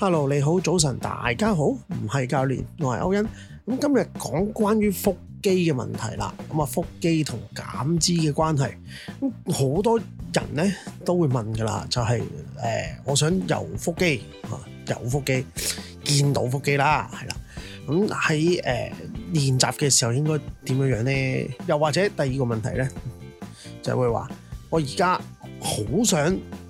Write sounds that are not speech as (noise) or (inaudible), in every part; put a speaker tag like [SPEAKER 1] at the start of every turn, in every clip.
[SPEAKER 1] Hello，你好，早晨，大家好，唔係教練，我係歐欣。咁今日講關於腹肌嘅問題啦。咁啊，腹肌同減脂嘅關係，咁好多人咧都會問㗎啦，就係、是、誒、呃，我想有腹肌，有、啊、腹肌，見到腹肌啦，係啦。咁喺誒練習嘅時候應該點樣樣咧？又或者第二個問題咧，就會話我而家好想。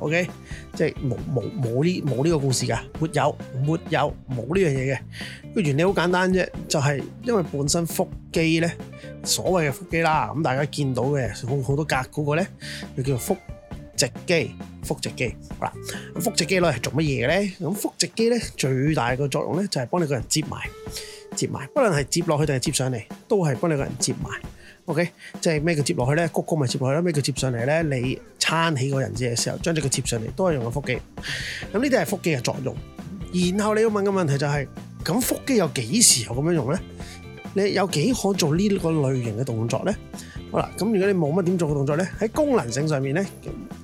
[SPEAKER 1] O.K. 即係冇冇冇呢冇呢個故事㗎，沒有沒有冇呢樣嘢嘅。個原理好簡單啫，就係因為本身腹肌咧，所謂嘅腹肌啦，咁大家見到嘅好好多格嗰個咧，就叫做腹直肌。腹直肌，好啦，腹直肌咧係做乜嘢嘅咧？咁腹直肌咧最大嘅作用咧就係幫你個人接埋接埋，無論係接落去定係接上嚟，都係幫你個人接埋。O.K. 即係咩叫接落去咧？谷歌咪接落去啦。咩叫接上嚟咧？你。攤起個人字嘅時候，將咗佢貼上嚟，都係用個腹肌。咁呢啲係腹肌嘅作用。然後你要問嘅問題就係：咁腹肌有幾時有咁樣用咧？你有幾可做呢個類型嘅動作咧？好啦，咁如果你冇乜點做嘅動作咧，喺功能性上面咧，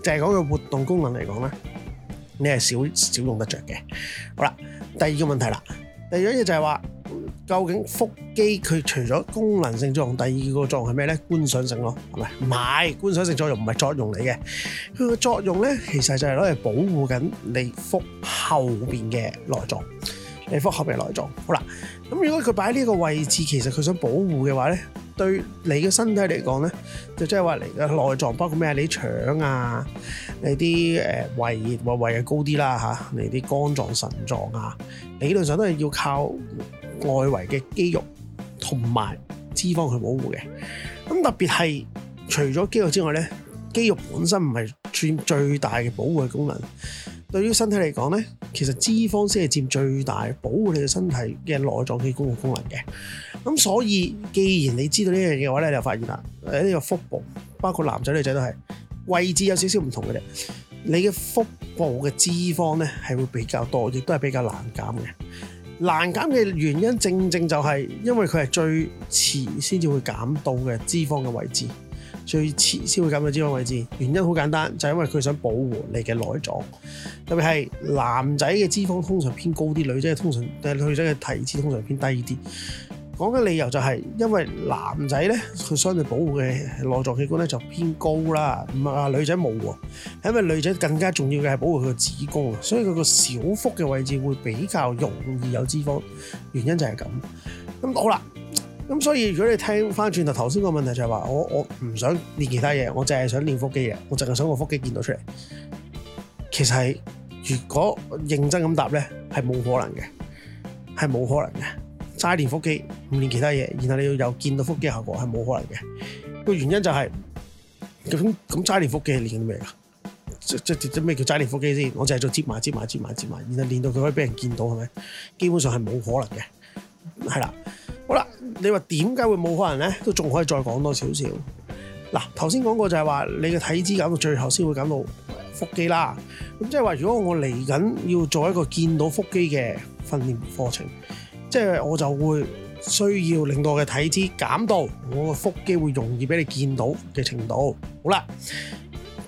[SPEAKER 1] 就係講個活動功能嚟講咧，你係少少用得着嘅。好啦，第二個問題啦，第二樣嘢就係話。究竟腹肌佢除咗功能性作用，第二個作用係咩咧？觀賞性咯，係咪？唔係，觀賞性作用唔係作用嚟嘅。佢個作用咧，其實就係攞嚟保護緊你腹後邊嘅內臟，你腹後邊嘅內臟。好啦，咁如果佢擺喺呢個位置，其實佢想保護嘅話咧，對你嘅身體嚟講咧，就即係話你嘅內臟包括咩？你腸啊，你啲誒胃胃胃又高啲啦嚇，你啲肝臟腎臟啊，理論上都係要靠，外圍嘅肌肉同埋脂肪去保護嘅，咁特別係除咗肌肉之外呢，肌肉本身唔係佔最大嘅保護嘅功能。對於身體嚟講呢，其實脂肪先係佔最大嘅保護你嘅身體嘅內臟器官嘅功能嘅。咁所以，既然你知道呢樣嘢嘅話呢，你就發現啦，喺、這、呢個腹部，包括男仔女仔都係位置有少少唔同嘅啫。你嘅腹部嘅脂肪呢，係會比較多，亦都係比較難減嘅。難減嘅原因正正就係因為佢係最遲先至會減到嘅脂肪嘅位置，最遲先會減到嘅脂肪位置。原因好簡單，就係因為佢想保護你嘅內臟，特別係男仔嘅脂肪通常偏高啲，女仔嘅通常，但係女仔嘅體脂通常偏低啲。講嘅理由就係因為男仔呢，佢相對保護嘅內臟器官呢就偏高啦，唔係話女仔冇喎，係因為女仔更加重要嘅係保護佢嘅子宮，所以佢個小腹嘅位置會比較容易有脂肪。原因就係咁。咁好啦，咁所以如果你聽翻轉頭頭先個問題就係話，我我唔想練其他嘢，我淨係想練腹肌嘅，我淨係想個腹肌見到出嚟。其實係如果認真咁答呢，係冇可能嘅，係冇可能嘅。齋練腹肌唔練其他嘢，然後你要有見到腹肌效果係冇可能嘅。個原因就係咁，咁齋練腹肌係練緊咩㗎？即即咩叫齋練腹肌先？我淨係做接埋接埋接埋接埋，然後練到佢可以俾人見到係咪？基本上係冇可能嘅，係啦。好啦，你話點解會冇可能咧？都仲可以再講多少少。嗱，頭先講過就係話你嘅體脂減到最後先會減到腹肌啦。咁即係話如果我嚟緊要做一個見到腹肌嘅訓練課程。即係我就會需要令到我嘅體脂減到我個腹肌會容易俾你見到嘅程度。好啦，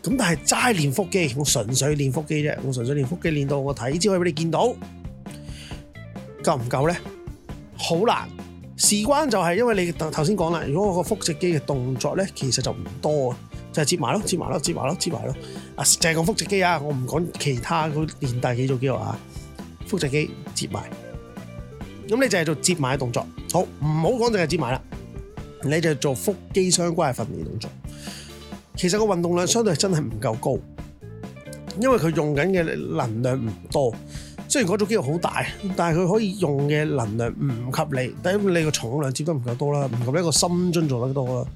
[SPEAKER 1] 咁但係齋練腹肌，我純粹練腹肌啫，我純粹練腹肌練到我個體脂可以俾你見到，夠唔夠咧？好難。事關就係因為你頭先講啦，如果我個腹直肌嘅動作咧，其實就唔多啊，就係摺埋咯，摺埋咯，摺埋咯，摺埋咯，啊，淨係講腹直肌啊，我唔講其他嗰啲連帶嘅做肌肉啊，腹直肌摺埋。咁你就係做接埋嘅動作，好，唔好講淨係接埋啦。你就做腹肌相關嘅訓練動作。其實個運動量相對真係唔夠高，因為佢用緊嘅能量唔多。雖然嗰種肌肉好大，但係佢可以用嘅能量唔及你。但係因為你個重量接得唔夠多啦，唔及一個深蹲做得多啦。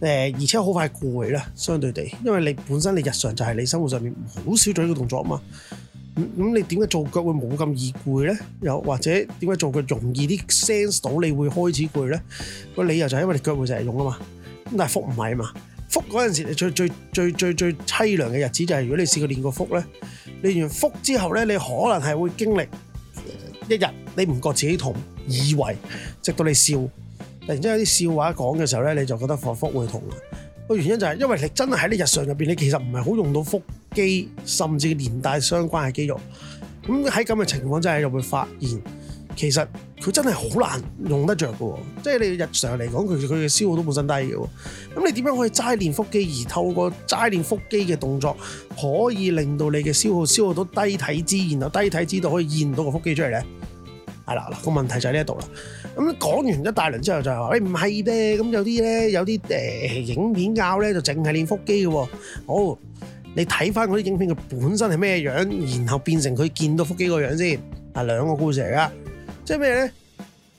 [SPEAKER 1] 誒，而且好快攰啦，相對地，因為你本身你日常就係你生活上面好少做呢個動作啊嘛。咁咁你點解做腳會冇咁易攰呢？又或者點解做腳容易啲 sense 到你會開始攰呢？個理由就係因為你腳會成日用啊嘛。咁但係腹唔係啊嘛。腹嗰陣時你最最最最最淒涼嘅日子就係如果你試過練過腹呢，練完腹之後呢，你可能係會經歷一日你唔覺自己痛，以為直到你笑，突然之間有啲笑話講嘅時候呢，你就覺得做腹會痛。個原因就係因為你真係喺你日常入邊，你其實唔係好用到腹肌，甚至連帶相關嘅肌肉。咁喺咁嘅情況之下，就會發現其實佢真係好難用得著嘅，即係你日常嚟講，佢佢嘅消耗都本身低嘅。咁你點樣可以齋練腹肌而透過齋練腹肌嘅動作，可以令到你嘅消耗消耗到低體脂，然後低體脂度可以現到個腹肌出嚟呢？係啦，個問題就喺呢一度啦。咁講完一大輪之後，就係話誒唔係嘅。咁有啲咧有啲、呃、影片教咧就淨係練腹肌嘅喎。好，你睇翻嗰啲影片佢本身係咩樣，然後變成佢見到腹肌個樣先係兩個故事嚟噶。即係咩咧？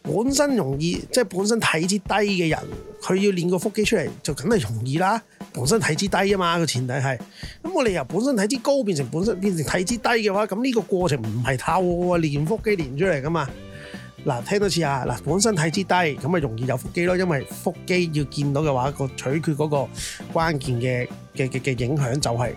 [SPEAKER 1] 本身容易即係本身體質低嘅人，佢要練個腹肌出嚟就梗係容易啦。本身體脂低啊嘛，個前提係，咁我哋由本身體脂高變成本身變成體脂低嘅話，咁呢個過程唔係透過練腹肌練出嚟噶嘛。嗱，聽多次啊，嗱，本身體脂低，咁咪容易有腹肌咯，因為腹肌要見到嘅話，個取決嗰個關鍵嘅嘅嘅嘅影響就係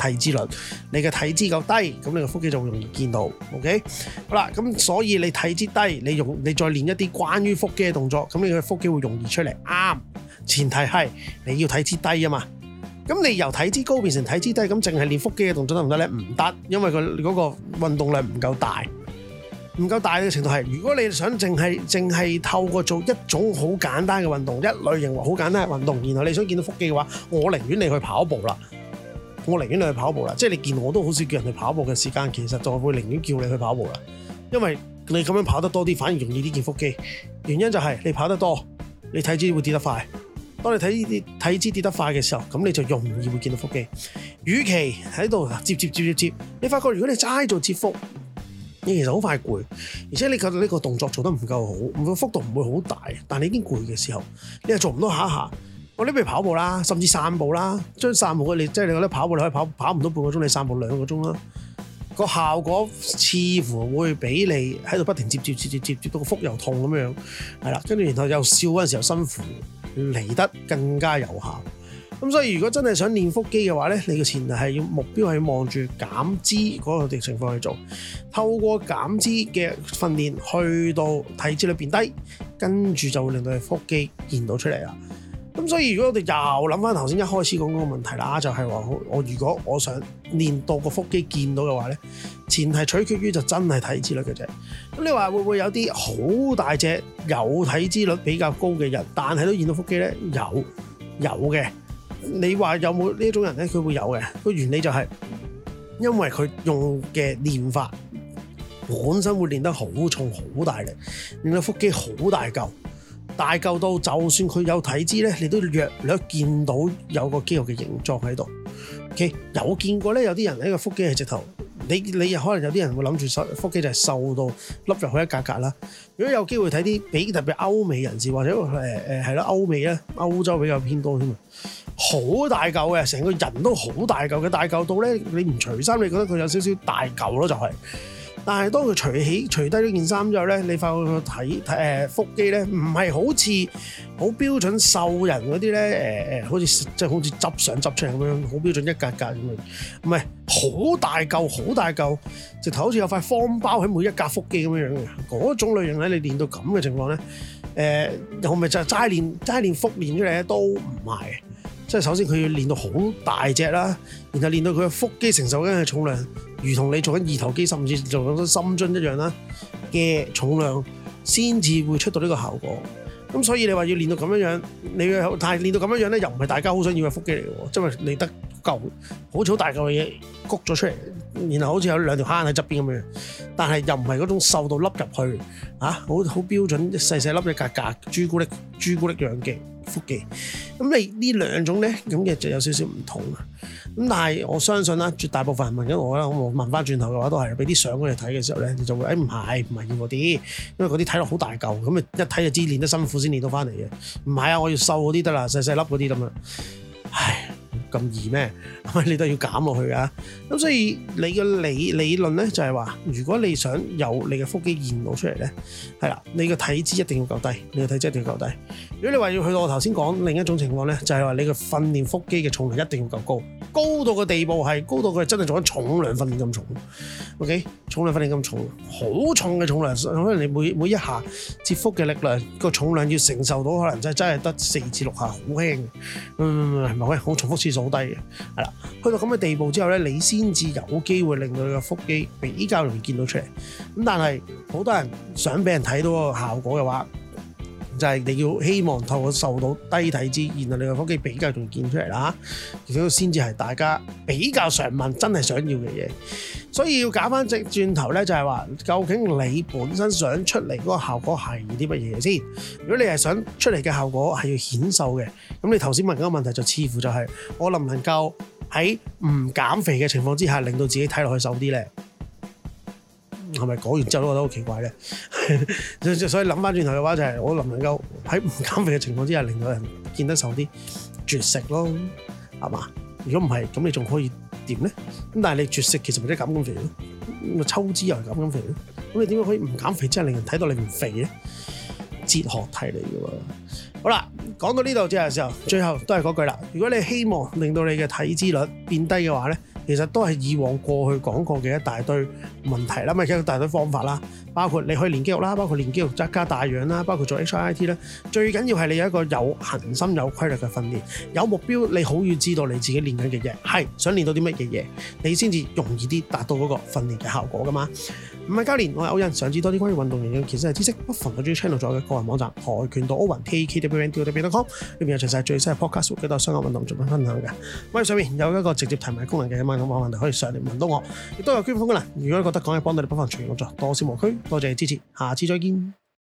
[SPEAKER 1] 體脂率。你嘅體脂夠低，咁你嘅腹肌就會容易見到。OK，好啦，咁所以你體脂低，你用你再練一啲關於腹肌嘅動作，咁你嘅腹肌會容易出嚟。啱。前提係你要體脂低啊嘛，咁你由體脂高變成體脂低，咁淨係練腹肌嘅動作得唔得咧？唔得，因為佢嗰個運動量唔夠大，唔夠大嘅程度係，如果你想淨係淨係透過做一種好簡單嘅運動，一類型好簡單嘅運動，然後你想見到腹肌嘅話，我寧願你去跑步啦，我寧願你去跑步啦，即係你見我都好少叫人去跑步嘅時間，其實就會寧願叫你去跑步啦，因為你咁樣跑得多啲，反而容易啲見腹肌。原因就係你跑得多，你體脂會跌得快。當你睇呢啲體脂跌得快嘅時候，咁你就容易會見到腹肌。與其喺度接接接接接，你發覺如果你齋做接腹，你其實好快攰，而且你覺得呢個動作做得唔夠好，唔夠幅度唔會好大。但你已經攰嘅時候，你又做唔到一下一下。我呢邊跑步啦，甚至散步啦，將散步嘅你即係你覺得跑步你可以跑跑唔到半個鐘，你散步兩個鐘啦，個效果似乎會比你喺度不停接接接接接到個腹又痛咁樣，係啦，跟住然後又笑嗰陣時候辛苦。嚟得更加有效。咁所以如果真係想練腹肌嘅話，呢你嘅前提係要目標係望住減脂嗰個情況去做，透過減脂嘅訓練去到體脂率變低，跟住就會令到你腹肌現到出嚟啦。咁所以如果我哋又諗翻頭先一開始講嗰個問題啦，就係話我如果我想練到個腹肌見到嘅話咧，前提取決於就真係體脂率嘅啫。咁你話會唔會有啲好大隻、有體脂率比較高嘅人，但係都見到腹肌咧？有有嘅。你話有冇呢種人咧？佢會有嘅。個原理就係因為佢用嘅練法本身會練得好重、好大力，練到腹肌好大嚿。大嚿到，就算佢有體脂咧，你都略略見到有個肌肉嘅形狀喺度。o、okay? 有見過咧，有啲人喺個腹肌係直頭，你你可能有啲人會諗住瘦腹肌就係瘦到凹入去一格格啦。如果有機會睇啲比特別歐美人士或者誒誒係咯歐美咧，歐洲比較偏多添啊，好大嚿嘅，成個人都好大嚿嘅，大嚿到咧，你唔除衫，你覺得佢有少少大嚿咯、就係，就係。但係當佢除起除低咗件衫之後咧，你快去睇誒腹肌咧，唔係好似好標準瘦人嗰啲咧誒誒，好似即係好似執上執出嚟咁樣，好標準一格格咁樣，唔係好大嚿，好大嚿，直頭好似有塊方包喺每一格腹肌咁樣嘅嗰種類型咧，你練到咁嘅情況咧，誒、呃、又咪就齋練齋練腹練出嚟咧都唔係。即係首先佢要練到好大隻啦，然後練到佢嘅腹肌承受緊嘅重量，如同你做緊二頭肌甚至做緊深蹲一樣啦嘅重量，先至會出到呢個效果。咁所以你話要練到咁樣樣，你但係練到咁樣樣咧，又唔係大家好想要嘅腹肌嚟喎，即係你得。嚿好似好大嚿嘢谷咗出嚟，然後好似有兩條坑喺側邊咁樣，但係又唔係嗰種瘦到凹入去啊！好好標準細細粒嘅格格朱古力朱古力樣嘅腹肌，咁你呢兩種咧咁嘅就有少少唔同啊！咁、嗯、但係我相信啦，絕大部分人問緊我啦，我問翻轉頭嘅話都係俾啲相佢哋睇嘅時候咧，你就會誒唔係唔係要嗰啲，因為嗰啲睇落好大嚿，咁啊一睇就知練得辛苦先練到翻嚟嘅，唔係啊，我要瘦嗰啲得啦，細細粒嗰啲咁啊，唉。咁易咩？ (laughs) 你都要減落去㗎、啊。咁所以你嘅理理論咧就係、是、話，如果你想由你嘅腹肌現到出嚟咧，係啦，你嘅體脂一定要夠低，你嘅體脂一定要夠低。如果你話要去到我頭先講另一種情況咧，就係、是、話你嘅訓練腹肌嘅重量一定要夠高，高到嘅地步係高到佢係真係做緊重量訓練咁重。O K，重量訓練咁重，好重嘅重量，可能、okay? 你每每一下接腹嘅力量，個重量要承受到，可能真真係得四至六下，好輕。嗯，係咪？好重複次數。好低嘅，係啦，去到咁嘅地步之後咧，你先至有機會令到你嘅腹肌比較容易見到出嚟。咁但係好多人想俾人睇到個效果嘅話。就係你要希望透過瘦到低體脂，然後你個腹肌比較容易見出嚟啦，如果先至係大家比較常問、真係想要嘅嘢，所以要搞翻直轉頭咧，就係話究竟你本身想出嚟嗰個效果係啲乜嘢先？如果你係想出嚟嘅效果係要顯瘦嘅，咁你頭先問嗰個問題就似乎就係我能唔能夠喺唔減肥嘅情況之下，令到自己睇落去瘦啲咧？係咪講完之後都覺得好奇怪咧？ (laughs) 所以諗翻轉頭嘅話，就係、是、我能唔能夠喺唔減肥嘅情況之下，令到人見得瘦啲絕食咯，係嘛？如果唔係，咁你仲可以點咧？咁但係你絕食其實咪即係減咁肥咯，抽脂又係減咁肥咯？咁你點樣可以唔減肥，真係令人睇到你唔肥咧？哲學題嚟嘅喎。好啦，講到呢度即係時候，最後都係嗰句啦。如果你希望令到你嘅體脂率變低嘅話咧。其實都係以往過去講過嘅一大堆問題啦，咪一大堆方法啦，包括你去練肌肉啦，包括練肌肉質加帶氧啦，包括做 HIT 咧，最緊要係你有一個有恒心、有規律嘅訓練，有目標，你好要知道你自己練緊嘅嘢係想練到啲乜嘢嘢，你先至容易啲達到嗰個訓練嘅效果噶嘛。唔係教練，我係歐仁，想知多啲關於運動營養其實嘅知識，不妨我 channel 做嘅個人網站跆拳道歐仁 taekwondowen.com 裏邊有全曬最新嘅 podcast，好多相關運動做緊分享嘅。咁上面有一個直接提問功能嘅，有冇？任何問題可以上嚟問到我，亦都有捐款啦。如果你覺得講嘢幫到你，不妨隨緣樂助，多少無拘，多謝你支持，下次再見。